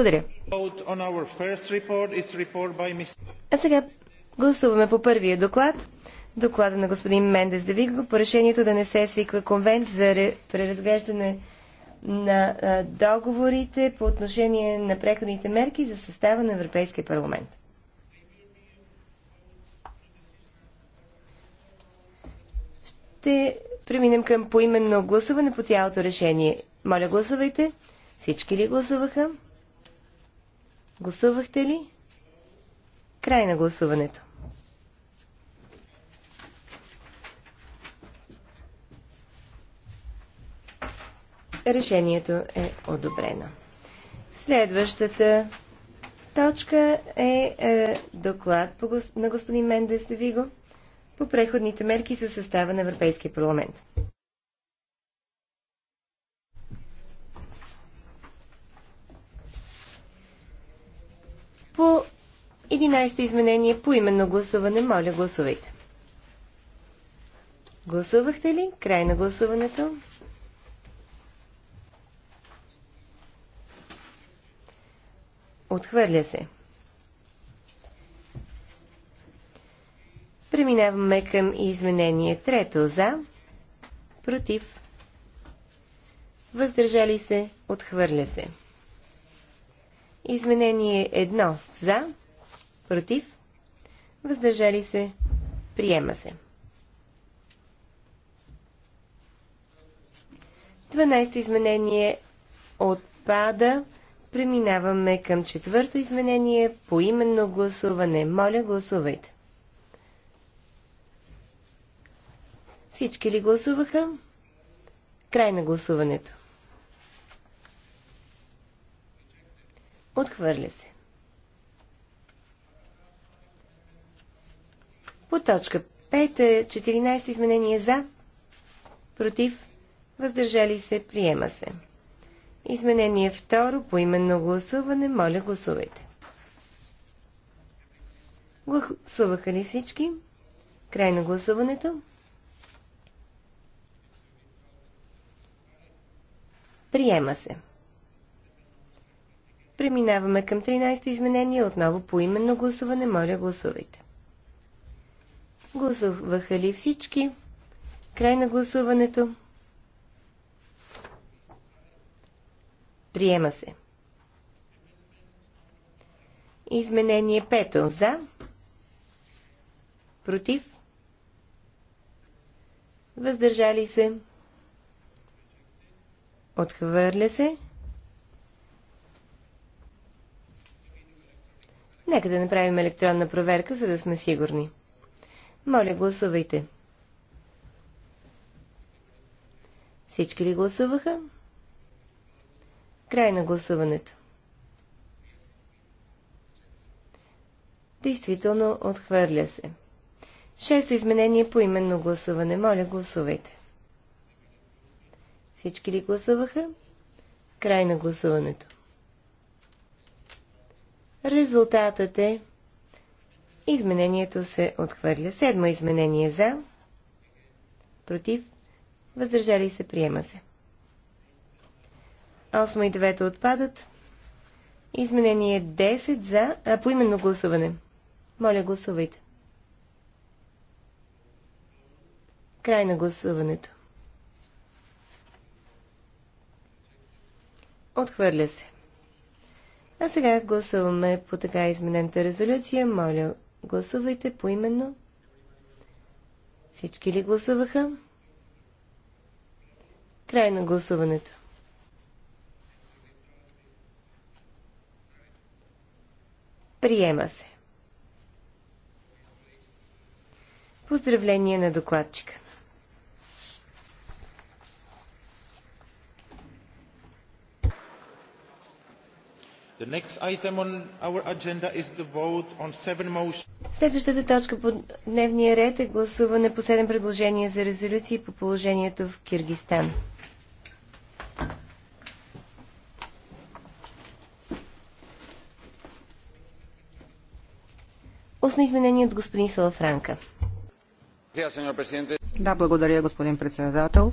Благодаря. А сега гласуваме по първия доклад. Доклада на господин Мендес да по решението да не се свиква конвент за преразглеждане на договорите по отношение на преходните мерки за състава на Европейския парламент. Ще преминем към поименно гласуване по цялото решение. Моля, гласувайте. Всички ли гласуваха? Гласувахте ли? Край на гласуването. Решението е одобрено. Следващата точка е, е доклад по, на господин Мендес Виго по преходните мерки за състава на Европейския парламент. По 11-то изменение по именно гласуване, моля гласувайте. Гласувахте ли? Край на гласуването. Отхвърля се. Преминаваме към изменение трето за, против, въздържали се, отхвърля се. Изменение 1 за, против, въздържали се, приема се. 12-то изменение отпада. Преминаваме към четвърто изменение по именно гласуване. Моля, гласувайте. Всички ли гласуваха? Край на гласуването. Отхвърля се. По точка 5, 14 е, изменение за, против, въздържали се, приема се. Изменение 2 по именно гласуване, моля гласувайте. Гласуваха ли всички? Край на гласуването. Приема се. Преминаваме към 13-то изменение. Отново по именно гласуване. Моля, гласувайте. Гласуваха ли всички? Край на гласуването. Приема се. Изменение 5 за. Против. Въздържали се. Отхвърля се. Нека да направим електронна проверка, за да сме сигурни. Моля, гласувайте. Всички ли гласуваха? Край на гласуването. Действително отхвърля се. Шесто изменение по именно гласуване. Моля, гласувайте. Всички ли гласуваха? Край на гласуването. Резултатът е изменението се отхвърля. Седмо изменение за, против, въздържали се, приема се. Осмо и девето отпадат. Изменение 10 за а, поименно гласуване. Моля, гласувайте. Край на гласуването. Отхвърля се. А сега гласуваме по така изменената резолюция. Моля, гласувайте поименно. Всички ли гласуваха? Край на гласуването. Приема се. Поздравление на докладчика. Следващата точка по дневния ред е гласуване по седем предложения за резолюции по положението в Киргистан. Осно изменение от господин Салафранка. Да, благодаря, господин председател.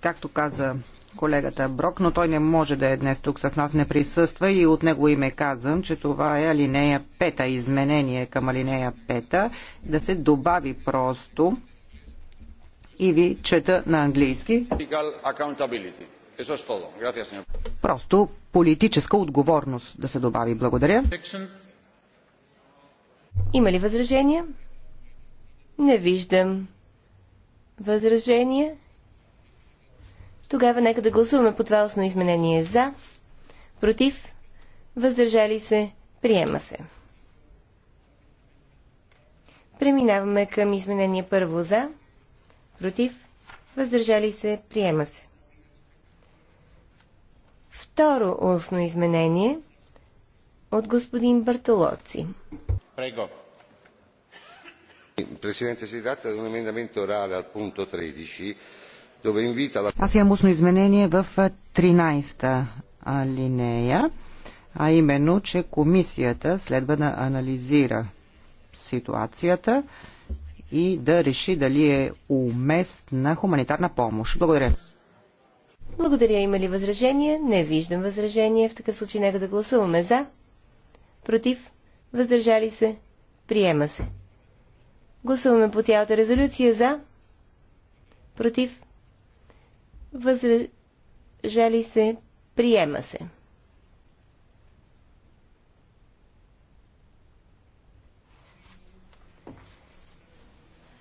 Както каза колегата Брок, но той не може да е днес тук с нас, не присъства и от него име казвам, че това е алинея 5, изменение към алинея 5, да се добави просто и ви чета на английски. Просто политическа отговорност да се добави. Благодаря. Има ли възражения? Не виждам. Възражения? Тогава нека да гласуваме по това основно изменение за, против, въздържали се, приема се. Преминаваме към изменение първо за, против, въздържали се, приема се. Второ устно изменение от господин Бартолоци. Прего. Presidente, si tratta di un emendamento orale al punto 13 аз имам устно изменение в 13-та алинея, а именно, че комисията следва да анализира ситуацията и да реши дали е уместна хуманитарна помощ. Благодаря. Благодаря. Има ли възражение? Не виждам възражение. В такъв случай нека да гласуваме за. Против? Въздържали се? Приема се. Гласуваме по цялата резолюция за. Против? Възражали се. Приема се.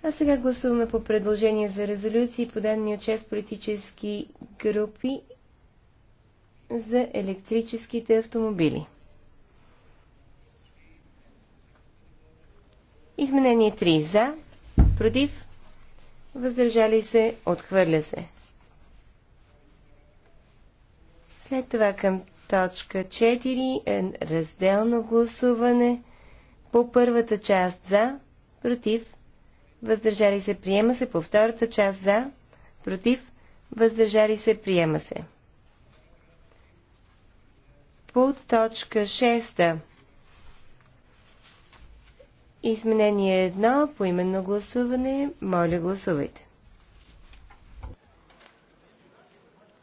А сега гласуваме по предложение за резолюции, подадени от 6 политически групи за електрическите автомобили. Изменение 3 за, против, въздържали се, отхвърля се. След това към точка 4 е разделно гласуване по първата част за, против, въздържали се, приема се, по втората част за, против, въздържали се, приема се. По точка 6 Изменение 1 по именно гласуване. Моля, гласувайте.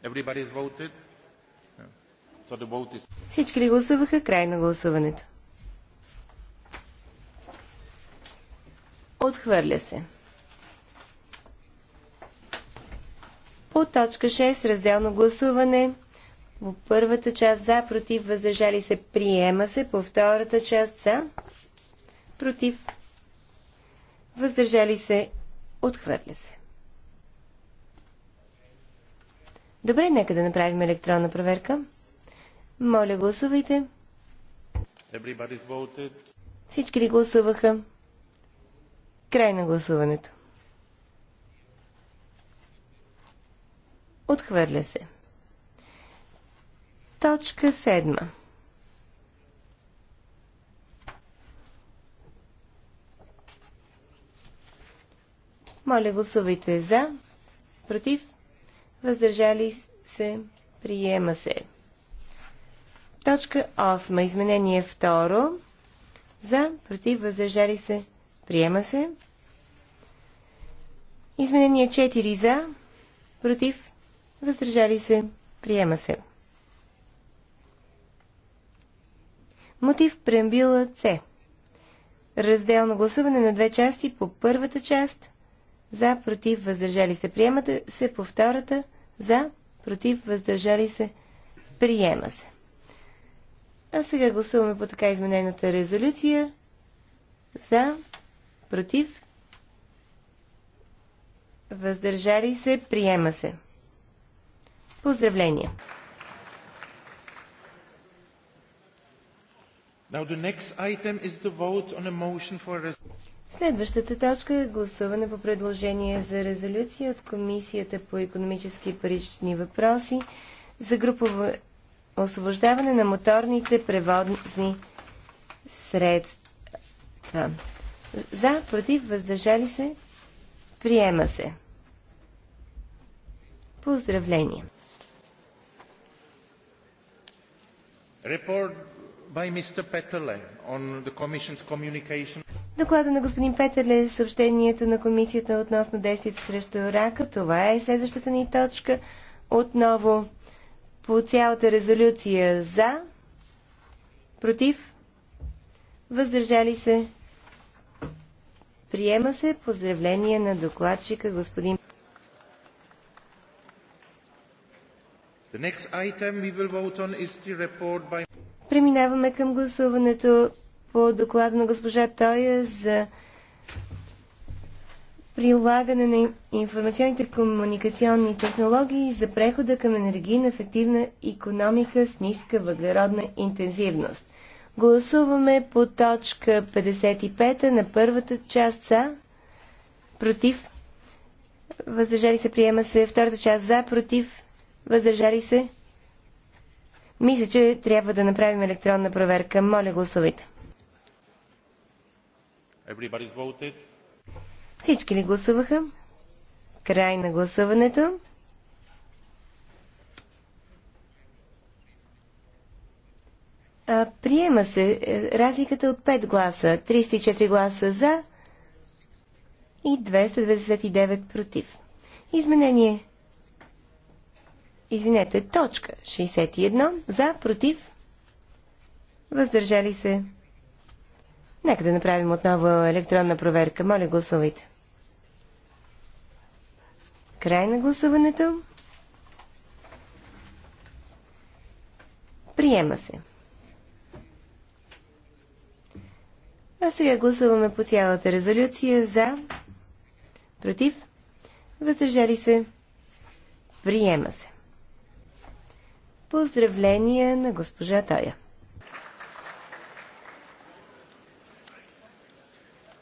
Everybody's voted. Всички ли гласуваха? Край на гласуването. Отхвърля се. По точка 6 разделно гласуване. По първата част за, против, въздържали се, приема се. По втората част за, против, въздържали се, отхвърля се. Добре, нека да направим електронна проверка. Моля, гласувайте. Всички ли гласуваха? Край на гласуването. Отхвърля се. Точка седма. Моля, гласувайте за, против, въздържали се, приема се. Точка 8. Изменение 2. За, против, въздържали се, приема се. Изменение 4 за, против, въздържали се, приема се. Мотив преамбила С. Разделно гласуване на две части по първата част. За, против, въздържали се, приема се по втората. За, против, въздържали се, приема се. А сега гласуваме по така изменената резолюция. За, против, въздържали се, приема се. Поздравления! Now the next item is the vote on a motion for Следващата точка е гласуване по предложение за резолюция от Комисията по економически и парични въпроси за групово освобождаване на моторните превозни средства. За, против, въздържали се, приема се. Поздравления! Репорт by Mr. Peterle on the Commission's communication. Доклада на господин Петърле за е съобщението на комисията относно действията срещу рака. Това е следващата ни точка. Отново по цялата резолюция за, против, въздържали се. Приема се поздравление на докладчика господин. By... Преминаваме към гласуването по доклада на госпожа Тоя за прилагане на информационните комуникационни технологии за прехода към енергийно ефективна економика с ниска въглеродна интензивност. Гласуваме по точка 55 на първата част за, против, въздържали се, приема се, втората част за, против, въздържали се. Мисля, че трябва да направим електронна проверка. Моля, гласувайте. Everybody's voted. Всички ли гласуваха? Край на гласуването. А, приема се е, разликата от 5 гласа. 304 гласа за и 299 против. Изменение. Извинете, точка 61 за, против, въздържали се. Нека да направим отново електронна проверка. Моля, гласувайте. Край на гласуването. Приема се. А сега гласуваме по цялата резолюция за, против, въздържали се, приема се. Поздравления на госпожа Тоя.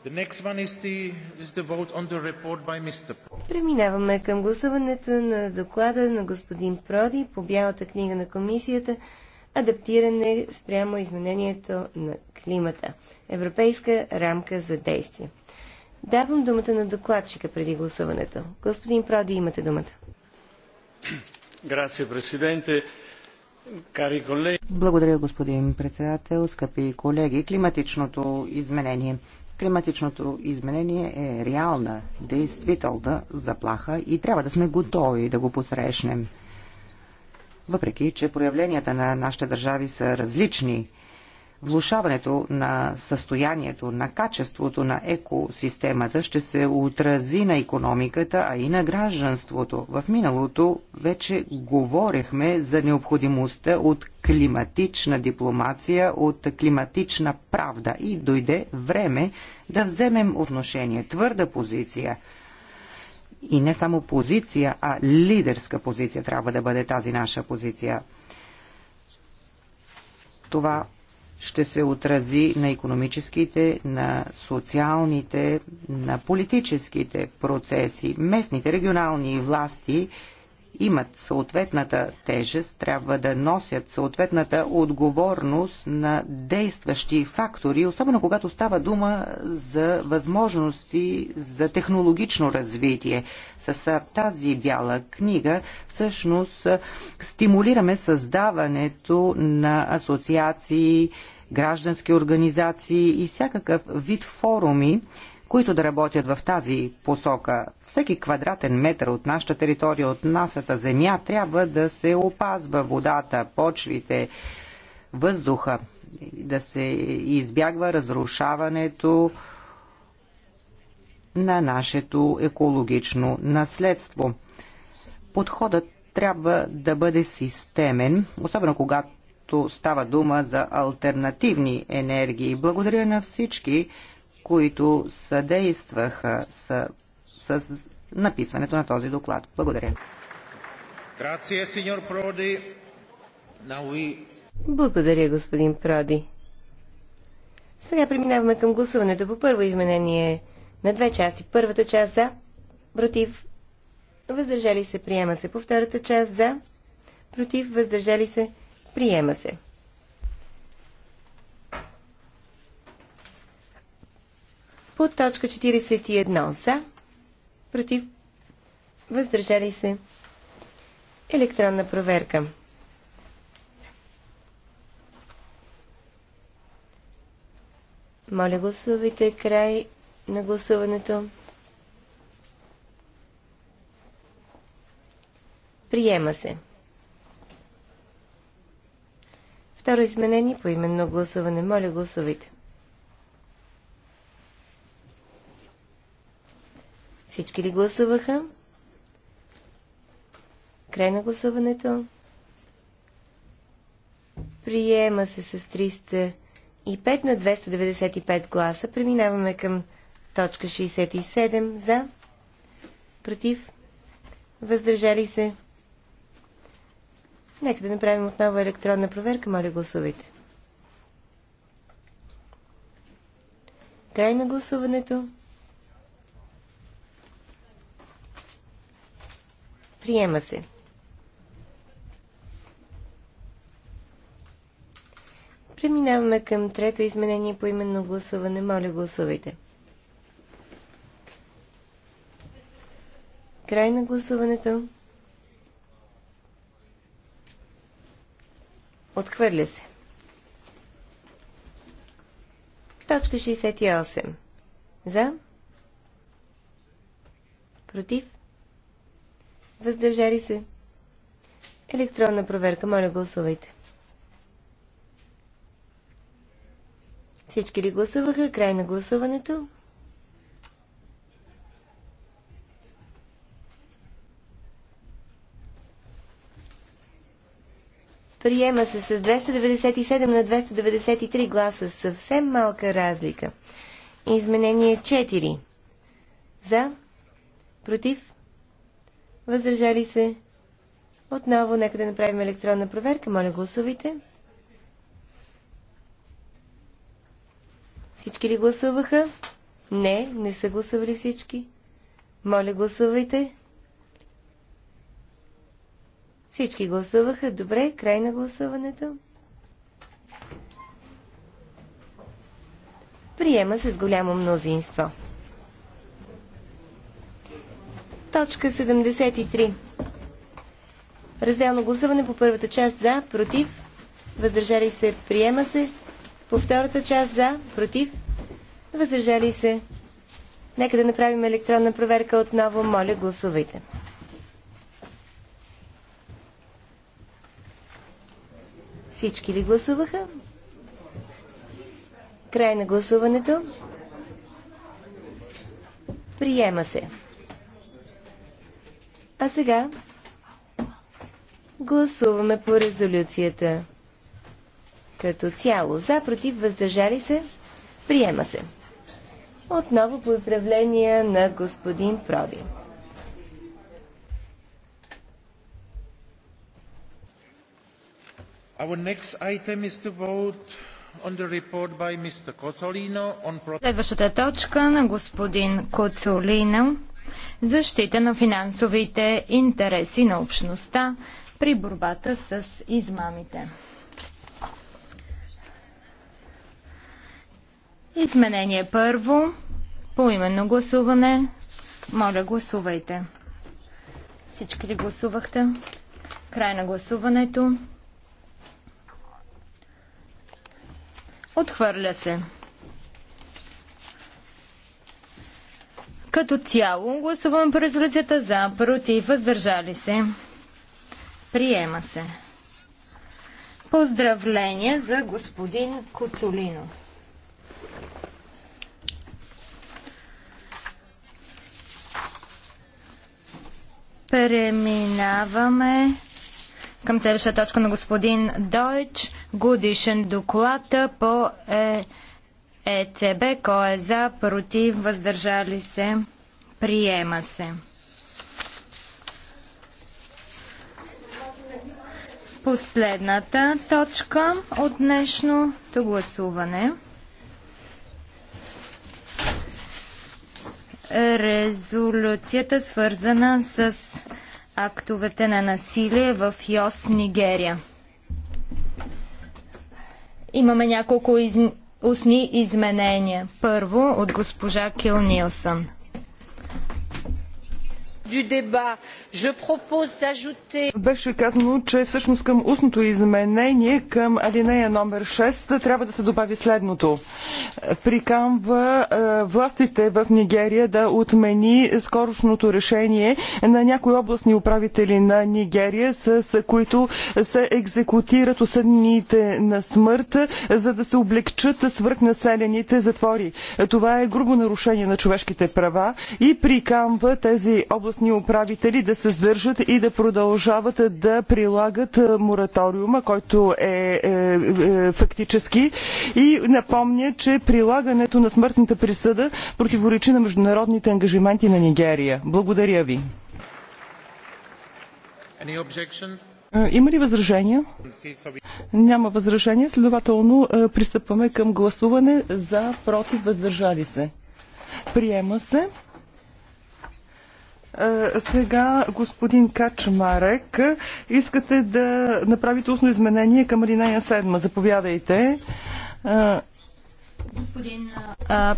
The, the Преминаваме към гласуването на доклада на господин Проди по Бялата книга на комисията Адаптиране спрямо изменението на климата. Европейска рамка за действие. Давам думата на докладчика преди гласуването. Господин Проди, имате думата. Грация, президенте. Благодаря, господин председател, скъпи колеги. Климатичното изменение Климатичното изменение е реална, действителна заплаха и трябва да сме готови да го посрещнем. Въпреки, че проявленията на нашите държави са различни – влушаването на състоянието, на качеството на екосистемата ще се отрази на економиката, а и на гражданството. В миналото вече говорихме за необходимостта от климатична дипломация, от климатична правда и дойде време да вземем отношение, твърда позиция. И не само позиция, а лидерска позиция трябва да бъде тази наша позиция. Това ще се отрази на економическите, на социалните, на политическите процеси. Местните регионални власти имат съответната тежест, трябва да носят съответната отговорност на действащи фактори, особено когато става дума за възможности за технологично развитие. С тази бяла книга всъщност стимулираме създаването на асоциации, граждански организации и всякакъв вид форуми, които да работят в тази посока. Всеки квадратен метър от нашата територия, от нашата земя, трябва да се опазва водата, почвите, въздуха, да се избягва разрушаването на нашето екологично наследство. Подходът трябва да бъде системен, особено когато става дума за альтернативни енергии. Благодаря на всички, които съдействаха с, с написването на този доклад. Благодаря. Благодаря, господин Проди. Сега преминаваме към гласуването по първо изменение на две части. Първата част за, против, въздържали се, приема се. По втората част за, против, въздържали се, приема се. По точка 41 за, против, въздържали се. Електронна проверка. Моля гласувайте край на гласуването. Приема се. Второ изменение по именно гласуване. Моля гласувайте. Всички ли гласуваха? Край на гласуването. Приема се с 305 на 295 гласа. Преминаваме към точка 67 за, против, въздържали се. Нека да направим отново електронна проверка. Моля, гласувайте. Край на гласуването. Приема се. Преминаваме към трето изменение по именно гласуване. Моля, гласувайте. Край на гласуването. Отхвърля се. Точка 68. За. Против. Въздържали се. Електронна проверка. Моля, гласувайте. Всички ли гласуваха? Край на гласуването. Приема се с 297 на 293 гласа. Съвсем малка разлика. Изменение 4. За. Против. Въздържали се? Отново, нека да направим електронна проверка. Моля, гласувайте. Всички ли гласуваха? Не, не са гласували всички. Моля, гласувайте. Всички гласуваха. Добре, край на гласуването. Приема се с голямо мнозинство. Точка 73. Разделно гласуване по първата част за, против, въздържали се, приема се. По втората част за, против, въздържали се. Нека да направим електронна проверка отново. Моля, гласувайте. Всички ли гласуваха? Край на гласуването. Приема се. А сега гласуваме по резолюцията като цяло. За, против, въздържали се, приема се. Отново поздравления на господин Проди. Следващата точка на господин Коцолино защита на финансовите интереси на общността при борбата с измамите. Изменение първо. По именно гласуване. Моля, гласувайте. Всички ли гласувахте? Край на гласуването. Отхвърля се. Като цяло гласуваме по резолюцията за, против, въздържали се. Приема се. Поздравления за господин Коцолино. Преминаваме към следващата точка на господин Дойч. Годишен доклад по е, ЕЦБ. Кой е за? Против? Въздържали се? Приема се. Последната точка от днешното гласуване. Резолюцията свързана с актовете на насилие в Йос, Нигерия. Имаме няколко из устни изменения. Първо от госпожа Кил Нилсън. Беше казано, че всъщност към устното изменение, към алинея номер 6, трябва да се добави следното. Прикамва е, властите в Нигерия да отмени скорошното решение на някои областни управители на Нигерия, с които се екзекутират осъдните на смърт, за да се облегчат свръхнаселените затвори. Това е грубо нарушение на човешките права и прикамва тези областни областни управители да се сдържат и да продължават да прилагат е, мораториума, който е, е, е фактически и напомня, че прилагането на смъртната присъда противоречи на международните ангажименти на Нигерия. Благодаря ви. Е, има ли възражения? Няма възражения, следователно е, пристъпваме към гласуване за, против, въздържали се. Приема се. Сега, господин Качмарек, искате да направите устно изменение към Алинея 7. Заповядайте. Господин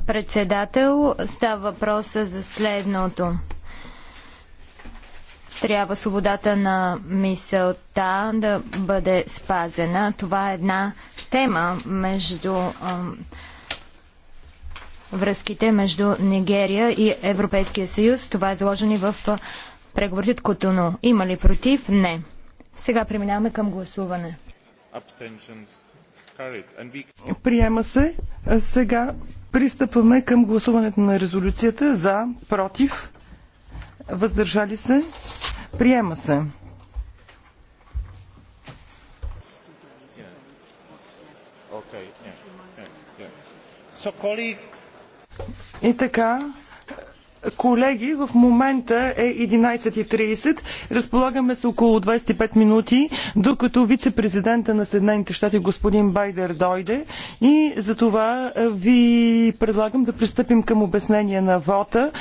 председател, става въпроса за следното. Трябва свободата на мисълта да бъде спазена. Това е една тема между връзките между Нигерия и Европейския съюз. Това е заложено и в преговорите от Котоно. Има ли против? Не. Сега преминаваме към гласуване. Приема се. Сега пристъпваме към гласуването на резолюцията за, против, въздържали се. Приема се. Okay, yeah, yeah, yeah. So colleagues, и така, Колеги, в момента е 11.30. Разполагаме се около 25 минути, докато вице-президента на Съединените щати господин Байдер дойде. И за това ви предлагам да пристъпим към обяснение на вота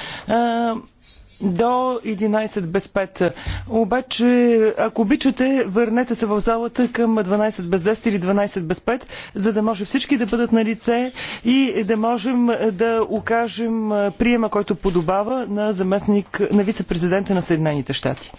до 11 без 5. Обаче, ако обичате, върнете се в залата към 12 без 10 или 12 без 5, за да може всички да бъдат на лице и да можем да окажем приема, който подобава на заместник на вице-президента на Съединените щати.